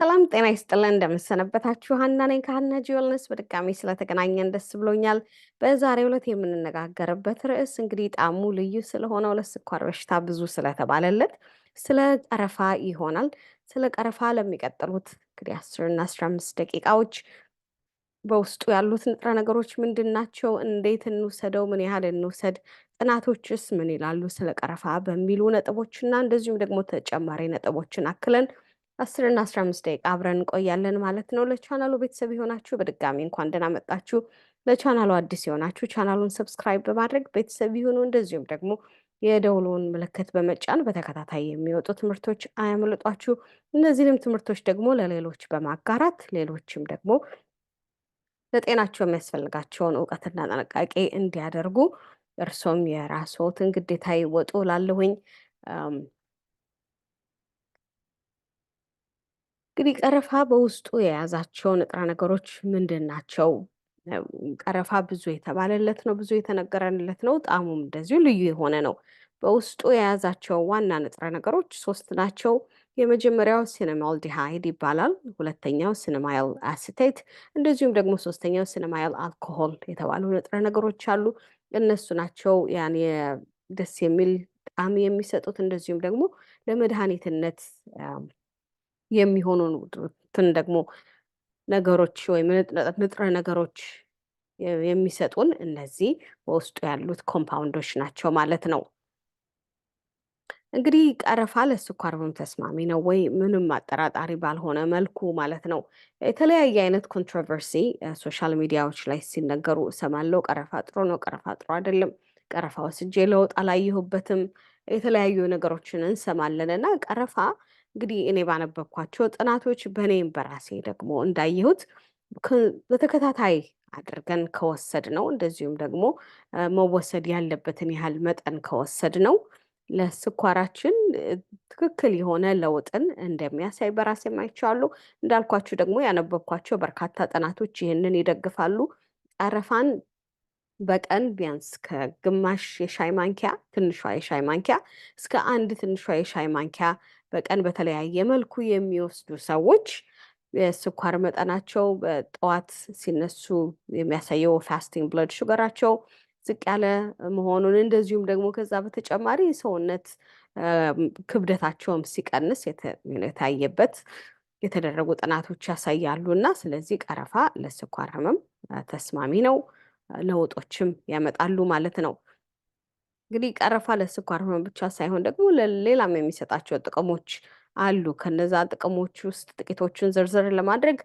ሰላም ጤና ይስጥልን። እንደምሰነበታችሁ ሀና ነኝ ከሀና ጂወልነስ በድጋሚ ስለተገናኘን ደስ ብሎኛል። በዛሬ ዕለት የምንነጋገርበት ርዕስ እንግዲህ ጣዕሙ ልዩ ስለሆነው ለስኳር በሽታ ብዙ ስለተባለለት ስለ ቀረፋ ይሆናል። ስለ ቀረፋ ለሚቀጥሉት እንግዲህ አስርና አስራ አምስት ደቂቃዎች በውስጡ ያሉት ንጥረ ነገሮች ምንድን ናቸው? እንዴት እንውሰደው? ምን ያህል እንውሰድ? ጥናቶችስ ምን ይላሉ ስለ ቀረፋ በሚሉ ነጥቦችና እንደዚሁም ደግሞ ተጨማሪ ነጥቦችን አክለን አስርና አስራ አምስት ደቂቃ አብረን እንቆያለን ማለት ነው። ለቻናሉ ቤተሰብ የሆናችሁ በድጋሚ እንኳን ደህና መጣችሁ። ለቻናሉ አዲስ የሆናችሁ ቻናሉን ሰብስክራይብ በማድረግ ቤተሰብ ይሁኑ። እንደዚሁም ደግሞ የደውሉን ምልክት በመጫን በተከታታይ የሚወጡ ትምህርቶች አያምልጧችሁ። እነዚህንም ትምህርቶች ደግሞ ለሌሎች በማጋራት ሌሎችም ደግሞ ለጤናቸው የሚያስፈልጋቸውን እውቀትና ጥንቃቄ እንዲያደርጉ እርሶም የራስዎትን ግዴታ ይወጡ ላለሁኝ እንግዲህ ቀረፋ በውስጡ የያዛቸው ንጥረ ነገሮች ምንድን ናቸው? ቀረፋ ብዙ የተባለለት ነው፣ ብዙ የተነገረለት ነው። ጣዕሙም እንደዚሁ ልዩ የሆነ ነው። በውስጡ የያዛቸው ዋና ንጥረ ነገሮች ሶስት ናቸው። የመጀመሪያው ሲነማልዲሃይድ ይባላል። ሁለተኛው ሲነማይል አሲቴት፣ እንደዚሁም ደግሞ ሶስተኛው ሲነማይል አልኮሆል የተባሉ ንጥረ ነገሮች አሉ። እነሱ ናቸው ያን ደስ የሚል ጣዕም የሚሰጡት እንደዚሁም ደግሞ ለመድኃኒትነት የሚሆኑ ትን ደግሞ ነገሮች ወይም ንጥረ ነገሮች የሚሰጡን እነዚህ በውስጡ ያሉት ኮምፓውንዶች ናቸው ማለት ነው። እንግዲህ ቀረፋ ለስኳር ህመም ተስማሚ ነው ወይ? ምንም አጠራጣሪ ባልሆነ መልኩ ማለት ነው። የተለያየ አይነት ኮንትሮቨርሲ ሶሻል ሚዲያዎች ላይ ሲነገሩ እሰማለሁ። ቀረፋ ጥሩ ነው፣ ቀረፋ ጥሩ አይደለም፣ ቀረፋ ወስጄ ለውጥ አላየሁበትም፣ የተለያዩ ነገሮችን እንሰማለን እና ቀረፋ እንግዲህ እኔ ባነበብኳቸው ጥናቶች በእኔም በራሴ ደግሞ እንዳየሁት በተከታታይ አድርገን ከወሰድ ነው እንደዚሁም ደግሞ መወሰድ ያለበትን ያህል መጠን ከወሰድ ነው ለስኳራችን ትክክል የሆነ ለውጥን እንደሚያሳይ በራሴ የማይቻሉ እንዳልኳችሁ ደግሞ ያነበብኳቸው በርካታ ጥናቶች ይህንን ይደግፋሉ። ቀረፋን በቀን ቢያንስ ከግማሽ የሻይ ማንኪያ ትንሿ የሻይ ማንኪያ እስከ አንድ ትንሿ የሻይ ማንኪያ በቀን በተለያየ መልኩ የሚወስዱ ሰዎች የስኳር መጠናቸው በጠዋት ሲነሱ የሚያሳየው ፋስቲንግ ብለድ ሹገራቸው ዝቅ ያለ መሆኑን እንደዚሁም ደግሞ ከዛ በተጨማሪ ሰውነት ክብደታቸውም ሲቀንስ የታየበት የተደረጉ ጥናቶች ያሳያሉ እና ስለዚህ ቀረፋ ለስኳር ህመም ተስማሚ ነው። ለውጦችም ያመጣሉ ማለት ነው። እንግዲህ ቀረፋ ለስኳር ህመም ብቻ ሳይሆን ደግሞ ለሌላም የሚሰጣቸው ጥቅሞች አሉ። ከነዛ ጥቅሞች ውስጥ ጥቂቶቹን ዝርዝር ለማድረግ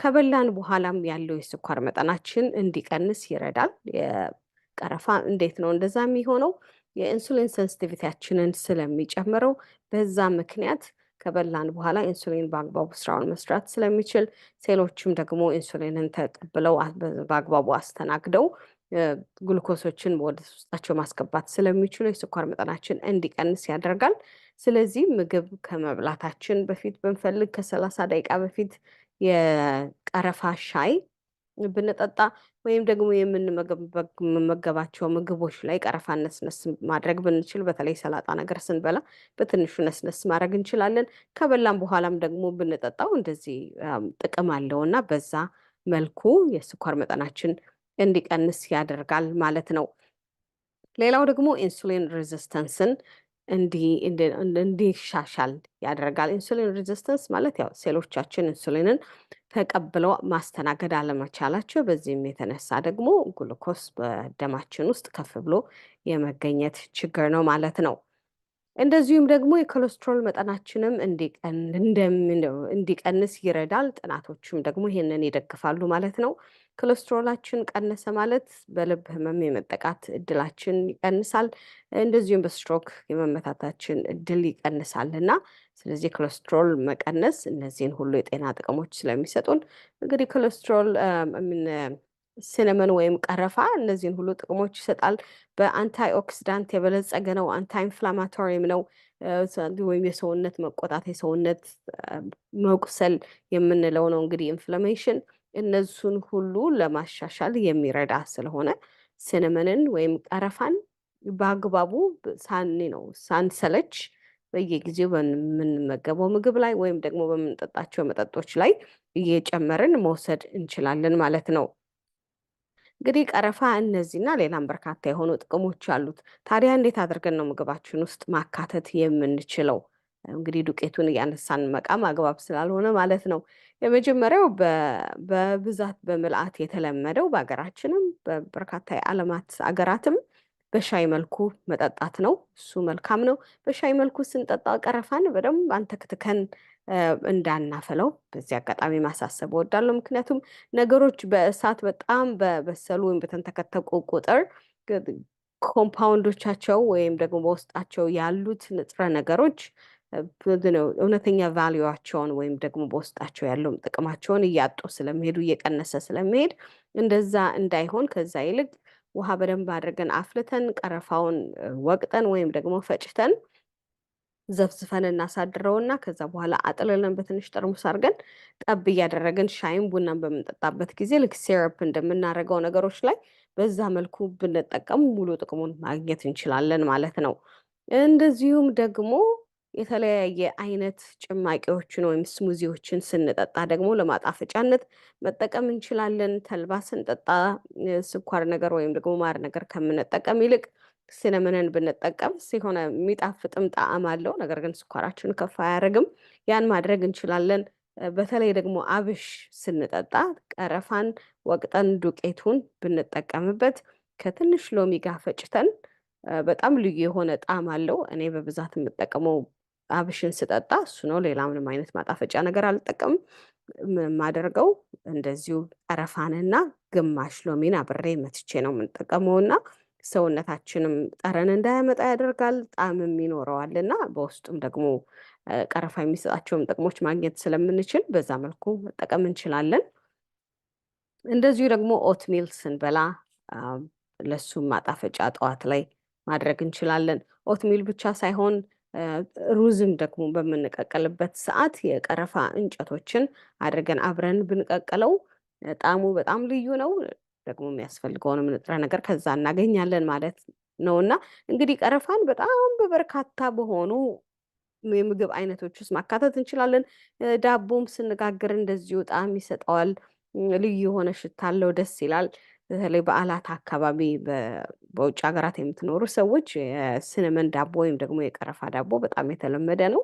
ከበላን በኋላም ያለው የስኳር መጠናችን እንዲቀንስ ይረዳል። የቀረፋ እንዴት ነው እንደዛ የሚሆነው? የኢንሱሊን ሴንስቲቪቲያችንን ስለሚጨምረው በዛ ምክንያት ከበላን በኋላ ኢንሱሊን በአግባቡ ስራውን መስራት ስለሚችል ሴሎችም ደግሞ ኢንሱሊንን ተቀብለው በአግባቡ አስተናግደው ግሉኮሶችን ወደ ውስጣቸው ማስገባት ስለሚችሉ የስኳር መጠናችን እንዲቀንስ ያደርጋል። ስለዚህ ምግብ ከመብላታችን በፊት ብንፈልግ ከሰላሳ ደቂቃ በፊት የቀረፋ ሻይ ብንጠጣ ወይም ደግሞ የምንመገባቸው ምግቦች ላይ ቀረፋ ነስነስ ማድረግ ብንችል፣ በተለይ ሰላጣ ነገር ስንበላ በትንሹ ነስነስ ማድረግ እንችላለን። ከበላም በኋላም ደግሞ ብንጠጣው እንደዚህ ጥቅም አለው እና በዛ መልኩ የስኳር መጠናችን እንዲቀንስ ያደርጋል ማለት ነው። ሌላው ደግሞ ኢንሱሊን ሬዚስተንስን እንዲሻሻል ያደርጋል። ኢንሱሊን ሬዚስተንስ ማለት ያው ሴሎቻችን ኢንሱሊንን ተቀብለው ማስተናገድ አለመቻላቸው፣ በዚህም የተነሳ ደግሞ ግሉኮስ በደማችን ውስጥ ከፍ ብሎ የመገኘት ችግር ነው ማለት ነው። እንደዚሁም ደግሞ የኮሌስትሮል መጠናችንም እንዲቀንስ ይረዳል። ጥናቶችም ደግሞ ይህንን ይደግፋሉ ማለት ነው። ኮሌስትሮላችን ቀነሰ ማለት በልብ ህመም የመጠቃት እድላችን ይቀንሳል። እንደዚሁም በስትሮክ የመመታታችን እድል ይቀንሳል እና ስለዚህ ኮሌስትሮል መቀነስ እነዚህን ሁሉ የጤና ጥቅሞች ስለሚሰጡን እንግዲህ ኮሌስትሮል ሲነመን ወይም ቀረፋ እነዚህን ሁሉ ጥቅሞች ይሰጣል። በአንታይ ኦክሲዳንት የበለጸገ ነው። አንታይ ኢንፍላማቶሪም ነው ወይም የሰውነት መቆጣት የሰውነት መቁሰል የምንለው ነው እንግዲህ ኢንፍላሜሽን እነሱን ሁሉ ለማሻሻል የሚረዳ ስለሆነ ሲነመንን ወይም ቀረፋን በአግባቡ ሳኒ ነው ሳንሰለች በየጊዜው በምንመገበው ምግብ ላይ ወይም ደግሞ በምንጠጣቸው መጠጦች ላይ እየጨመርን መውሰድ እንችላለን ማለት ነው። እንግዲህ ቀረፋ እነዚህና ሌላም በርካታ የሆኑ ጥቅሞች አሉት። ታዲያ እንዴት አድርገን ነው ምግባችን ውስጥ ማካተት የምንችለው? እንግዲህ ዱቄቱን እያነሳን መቃም አግባብ ስላልሆነ ማለት ነው። የመጀመሪያው በብዛት በምልአት የተለመደው በሀገራችንም በበርካታ የዓለማት አገራትም በሻይ መልኩ መጠጣት ነው። እሱ መልካም ነው። በሻይ መልኩ ስንጠጣ ቀረፋን በደንብ አንተክትከን እንዳናፈለው በዚህ አጋጣሚ ማሳሰብ እወዳለሁ። ምክንያቱም ነገሮች በእሳት በጣም በበሰሉ ወይም በተንተከተቁ ቁጥር ኮምፓውንዶቻቸው ወይም ደግሞ በውስጣቸው ያሉት ንጥረ ነገሮች እውነተኛ ቫሊዋቸውን ወይም ደግሞ በውስጣቸው ያለውም ጥቅማቸውን እያጡ ስለሚሄዱ እየቀነሰ ስለሚሄድ እንደዛ እንዳይሆን ከዛ ይልቅ ውሃ በደንብ አድርገን አፍልተን ቀረፋውን ወቅጠን ወይም ደግሞ ፈጭተን ዘፍዝፈን እና ከዛ በኋላ አጥልለን በትንሽ ጠርሙስ አድርገን ጠብ እያደረግን ሻይም ቡናን በምንጠጣበት ጊዜ ልክ ሴረፕ እንደምናደርገው ነገሮች ላይ በዛ መልኩ ብንጠቀም ሙሉ ጥቅሙን ማግኘት እንችላለን ማለት ነው። እንደዚሁም ደግሞ የተለያየ አይነት ጭማቂዎችን ወይም ስሙዚዎችን ስንጠጣ ደግሞ ለማጣፈጫነት መጠቀም እንችላለን። ተልባ ስንጠጣ ስኳር ነገር ወይም ደግሞ ማር ነገር ከምንጠቀም ይልቅ ሲነምንን ብንጠቀም ሲሆነ የሚጣፍጥም ጣዕም አለው፣ ነገር ግን ስኳራችን ከፍ አያደርግም። ያን ማድረግ እንችላለን። በተለይ ደግሞ አብሽ ስንጠጣ ቀረፋን ወቅጠን ዱቄቱን ብንጠቀምበት ከትንሽ ሎሚ ጋር ፈጭተን በጣም ልዩ የሆነ ጣዕም አለው። እኔ በብዛት የምጠቀመው አብሽን ስጠጣ እሱ ነው። ሌላ ምንም አይነት ማጣፈጫ ነገር አልጠቀምም። የማደርገው እንደዚሁ ቀረፋንና ግማሽ ሎሚን አብሬ መትቼ ነው የምንጠቀመው እና ሰውነታችንም ጠረን እንዳያመጣ ያደርጋል፣ ጣዕምም ይኖረዋል እና በውስጡም ደግሞ ቀረፋ የሚሰጣቸውም ጥቅሞች ማግኘት ስለምንችል በዛ መልኩ መጠቀም እንችላለን። እንደዚሁ ደግሞ ኦትሚል ስንበላ ለሱም ማጣፈጫ ጠዋት ላይ ማድረግ እንችላለን። ኦትሚል ብቻ ሳይሆን ሩዝም ደግሞ በምንቀቀልበት ሰዓት የቀረፋ እንጨቶችን አድርገን አብረን ብንቀቀለው ጣዕሙ በጣም ልዩ ነው። ደግሞ የሚያስፈልገውንም ንጥረ ነገር ከዛ እናገኛለን ማለት ነው እና እንግዲህ ቀረፋን በጣም በበርካታ በሆኑ የምግብ አይነቶች ውስጥ ማካተት እንችላለን። ዳቦም ስንጋግር እንደዚሁ ጣዕም ይሰጠዋል። ልዩ የሆነ ሽታ አለው፣ ደስ ይላል። በተለይ በዓላት አካባቢ በውጭ ሀገራት የምትኖሩ ሰዎች የሲነመን ዳቦ ወይም ደግሞ የቀረፋ ዳቦ በጣም የተለመደ ነው።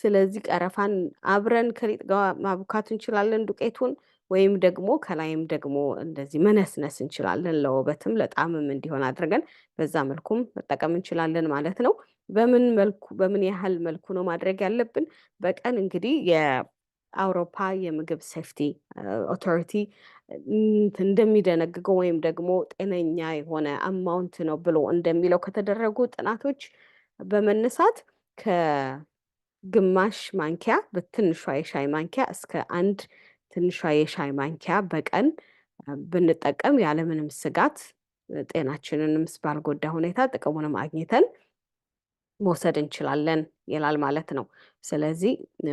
ስለዚህ ቀረፋን አብረን ከሊጥ ጋር ማቡካት እንችላለን ዱቄቱን ወይም ደግሞ ከላይም ደግሞ እንደዚህ መነስነስ እንችላለን። ለውበትም ለጣዕምም እንዲሆን አድርገን በዛ መልኩም መጠቀም እንችላለን ማለት ነው። በምን መልኩ በምን ያህል መልኩ ነው ማድረግ ያለብን? በቀን እንግዲህ የአውሮፓ የምግብ ሴፍቲ ኦቶሪቲ እንደሚደነግገው ወይም ደግሞ ጤነኛ የሆነ አማውንት ነው ብሎ እንደሚለው ከተደረጉ ጥናቶች በመነሳት ከግማሽ ማንኪያ በትንሿ የሻይ ማንኪያ እስከ አንድ ትንሿ የሻይ ማንኪያ በቀን ብንጠቀም ያለምንም ስጋት ጤናችንንም ባልጎዳ ሁኔታ ጥቅሙንም አግኝተን መውሰድ እንችላለን ይላል ማለት ነው። ስለዚህ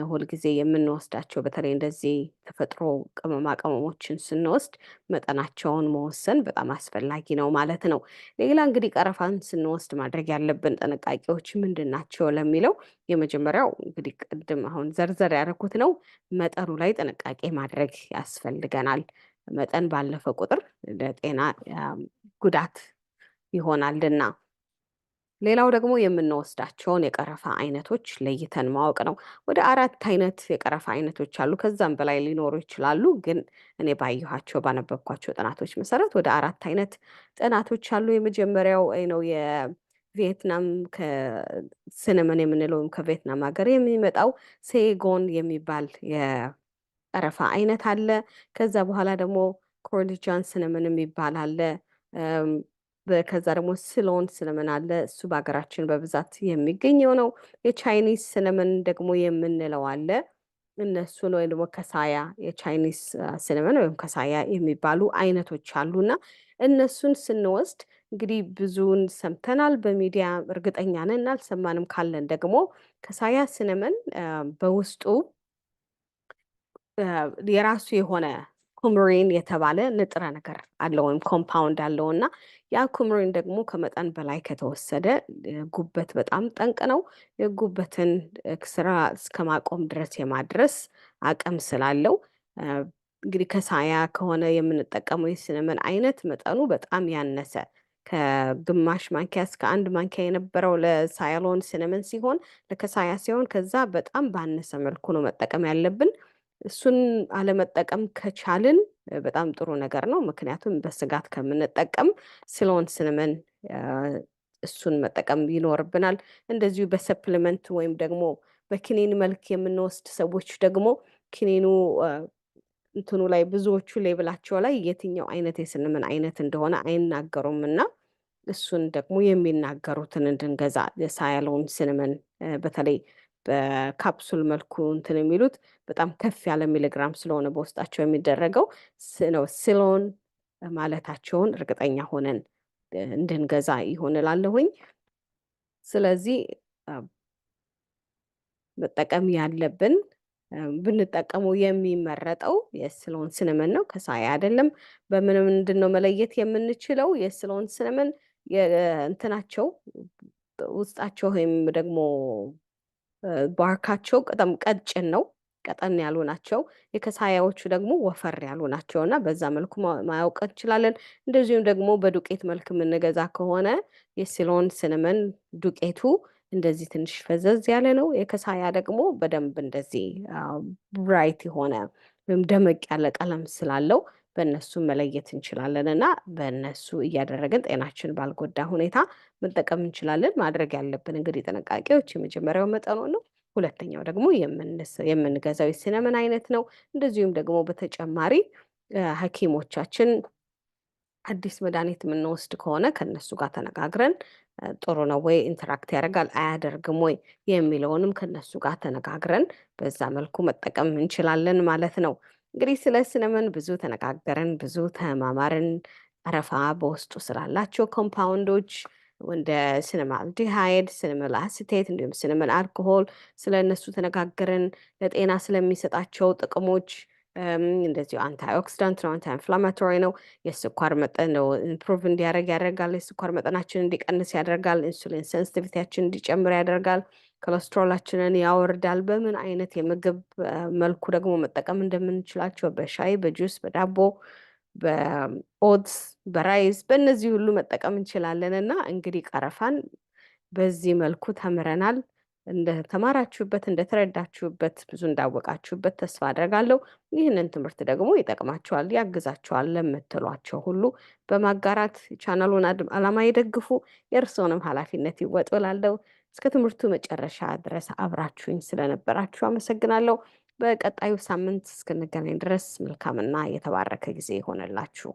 ሁልጊዜ የምንወስዳቸው በተለይ እንደዚህ ተፈጥሮ ቅመማ ቅመሞችን ስንወስድ መጠናቸውን መወሰን በጣም አስፈላጊ ነው ማለት ነው። ሌላ እንግዲህ ቀረፋን ስንወስድ ማድረግ ያለብን ጥንቃቄዎች ምንድን ናቸው ለሚለው የመጀመሪያው እንግዲህ ቅድም አሁን ዘርዘር ያደረኩት ነው። መጠኑ ላይ ጥንቃቄ ማድረግ ያስፈልገናል። መጠን ባለፈ ቁጥር ለጤና ጉዳት ይሆናልና ሌላው ደግሞ የምንወስዳቸውን የቀረፋ አይነቶች ለይተን ማወቅ ነው። ወደ አራት አይነት የቀረፋ አይነቶች አሉ። ከዛም በላይ ሊኖሩ ይችላሉ። ግን እኔ ባየኋቸው ባነበብኳቸው ጥናቶች መሰረት ወደ አራት አይነት ጥናቶች አሉ። የመጀመሪያው ነው የቪየትናም ከስንምን የምንለውም ከቪየትናም ሀገር የሚመጣው ሴጎን የሚባል የቀረፋ አይነት አለ። ከዛ በኋላ ደግሞ ኮርኒጃን ስንምን የሚባል አለ። ከዛ ደግሞ ስሎን ስለምን አለ እሱ በሀገራችን በብዛት የሚገኘው ነው። የቻይኒዝ ስለምን ደግሞ የምንለው አለ። እነሱን ወይም ደግሞ ከሳያ የቻይኒዝ ስለምን ወይም ከሳያ የሚባሉ አይነቶች አሉና እነሱን ስንወስድ እንግዲህ ብዙውን ሰምተናል በሚዲያ እርግጠኛ ነን። አልሰማንም ካለን ደግሞ ከሳያ ስለምን በውስጡ የራሱ የሆነ ኩምሪን የተባለ ንጥረ ነገር አለው ወይም ኮምፓውንድ አለው እና ያ ኩምሪን ደግሞ ከመጠን በላይ ከተወሰደ ጉበት በጣም ጠንቅ ነው። የጉበትን ስራ እስከማቆም ድረስ የማድረስ አቅም ስላለው እንግዲህ ከሳያ ከሆነ የምንጠቀመው የሲነመን አይነት መጠኑ በጣም ያነሰ ከግማሽ ማንኪያ እስከ አንድ ማንኪያ የነበረው ለሳያሎን ሲነመን ሲሆን ለከሳያ ሲሆን ከዛ በጣም ባነሰ መልኩ ነው መጠቀም ያለብን። እሱን አለመጠቀም ከቻልን በጣም ጥሩ ነገር ነው። ምክንያቱም በስጋት ከምንጠቀም ስለሆን ስንምን እሱን መጠቀም ይኖርብናል። እንደዚሁ በሰፕሊመንት ወይም ደግሞ በክኒን መልክ የምንወስድ ሰዎች ደግሞ ክኒኑ እንትኑ ላይ ብዙዎቹ ሌብላቸው ላይ የትኛው አይነት የስንምን አይነት እንደሆነ አይናገሩም እና እሱን ደግሞ የሚናገሩትን እንድንገዛ ሳያለውን ስንምን በተለይ በካፕሱል መልኩ እንትን የሚሉት በጣም ከፍ ያለ ሚሊግራም ስለሆነ በውስጣቸው የሚደረገው ነው ሲሎን ማለታቸውን እርግጠኛ ሆነን እንድንገዛ ይሆንላለሁኝ። ስለዚህ መጠቀም ያለብን ብንጠቀመው የሚመረጠው የስሎን ስንምን ነው፣ ከሳይ አይደለም። በምን ምንድን ነው መለየት የምንችለው? የስሎን ስንምን እንትናቸው ውስጣቸው ወይም ደግሞ ባርካቸው በጣም ቀጭን ነው፣ ቀጠን ያሉ ናቸው። የከሳያዎቹ ደግሞ ወፈር ያሉ ናቸው እና በዛ መልኩ ማያውቅ እንችላለን። እንደዚሁም ደግሞ በዱቄት መልክ የምንገዛ ከሆነ የሲሎን ስንመን ዱቄቱ እንደዚህ ትንሽ ፈዘዝ ያለ ነው። የከሳያ ደግሞ በደንብ እንደዚህ ብራይት የሆነ ወይም ደመቅ ያለ ቀለም ስላለው በእነሱ መለየት እንችላለን እና በእነሱ እያደረግን ጤናችን ባልጎዳ ሁኔታ መጠቀም እንችላለን። ማድረግ ያለብን እንግዲህ ጥንቃቄዎች የመጀመሪያው መጠኑ ነው። ሁለተኛው ደግሞ የምንገዛው የስነ አይነት ነው። እንደዚሁም ደግሞ በተጨማሪ ሐኪሞቻችን አዲስ መድኃኒት የምንወስድ ከሆነ ከነሱ ጋር ተነጋግረን ጥሩ ነው ወይ ኢንተራክት ያደርጋል አያደርግም ወይ የሚለውንም ከነሱ ጋር ተነጋግረን በዛ መልኩ መጠቀም እንችላለን ማለት ነው። እንግዲህ ስለ ሲነመን ብዙ ተነጋገርን፣ ብዙ ተማማርን። አረፋ በውስጡ ስላላቸው ኮምፓውንዶች እንደ ስነማልዲሃይድ፣ አልዲሃይድ፣ ሲነመን አሲቴት እንዲሁም ሲነመን አልኮሆል ስለ እነሱ ተነጋገርን። ለጤና ስለሚሰጣቸው ጥቅሞች እንደዚሁ አንታይ ነው፣ አንታይ ኢንፍላማቶሪ ነው። የስኳር መጠን ነው ኢምፕሩቭ እንዲያደረግ ያደርጋል። የስኳር መጠናችን እንዲቀንስ ያደርጋል። ኢንሱሊን ሴንስቲቪቲያችን እንዲጨምር ያደርጋል። ኮለስትሮላችንን ያወርዳል። በምን አይነት የምግብ መልኩ ደግሞ መጠቀም እንደምንችላቸው በሻይ፣ በጁስ፣ በዳቦ፣ በኦትስ፣ በራይስ በእነዚህ ሁሉ መጠቀም እንችላለን እና እንግዲህ ቀረፋን በዚህ መልኩ ተምረናል። እንደተማራችሁበት እንደተረዳችሁበት ብዙ እንዳወቃችሁበት ተስፋ አድርጋለሁ። ይህንን ትምህርት ደግሞ ይጠቅማችኋል፣ ያግዛችኋል ለምትሏቸው ሁሉ በማጋራት ቻናሉን ዓላማ ይደግፉ፣ የእርስዎንም ኃላፊነት ይወጡ እላለሁ። እስከ ትምህርቱ መጨረሻ ድረስ አብራችሁኝ ስለነበራችሁ አመሰግናለሁ። በቀጣዩ ሳምንት እስክንገናኝ ድረስ መልካምና የተባረከ ጊዜ ይሆነላችሁ።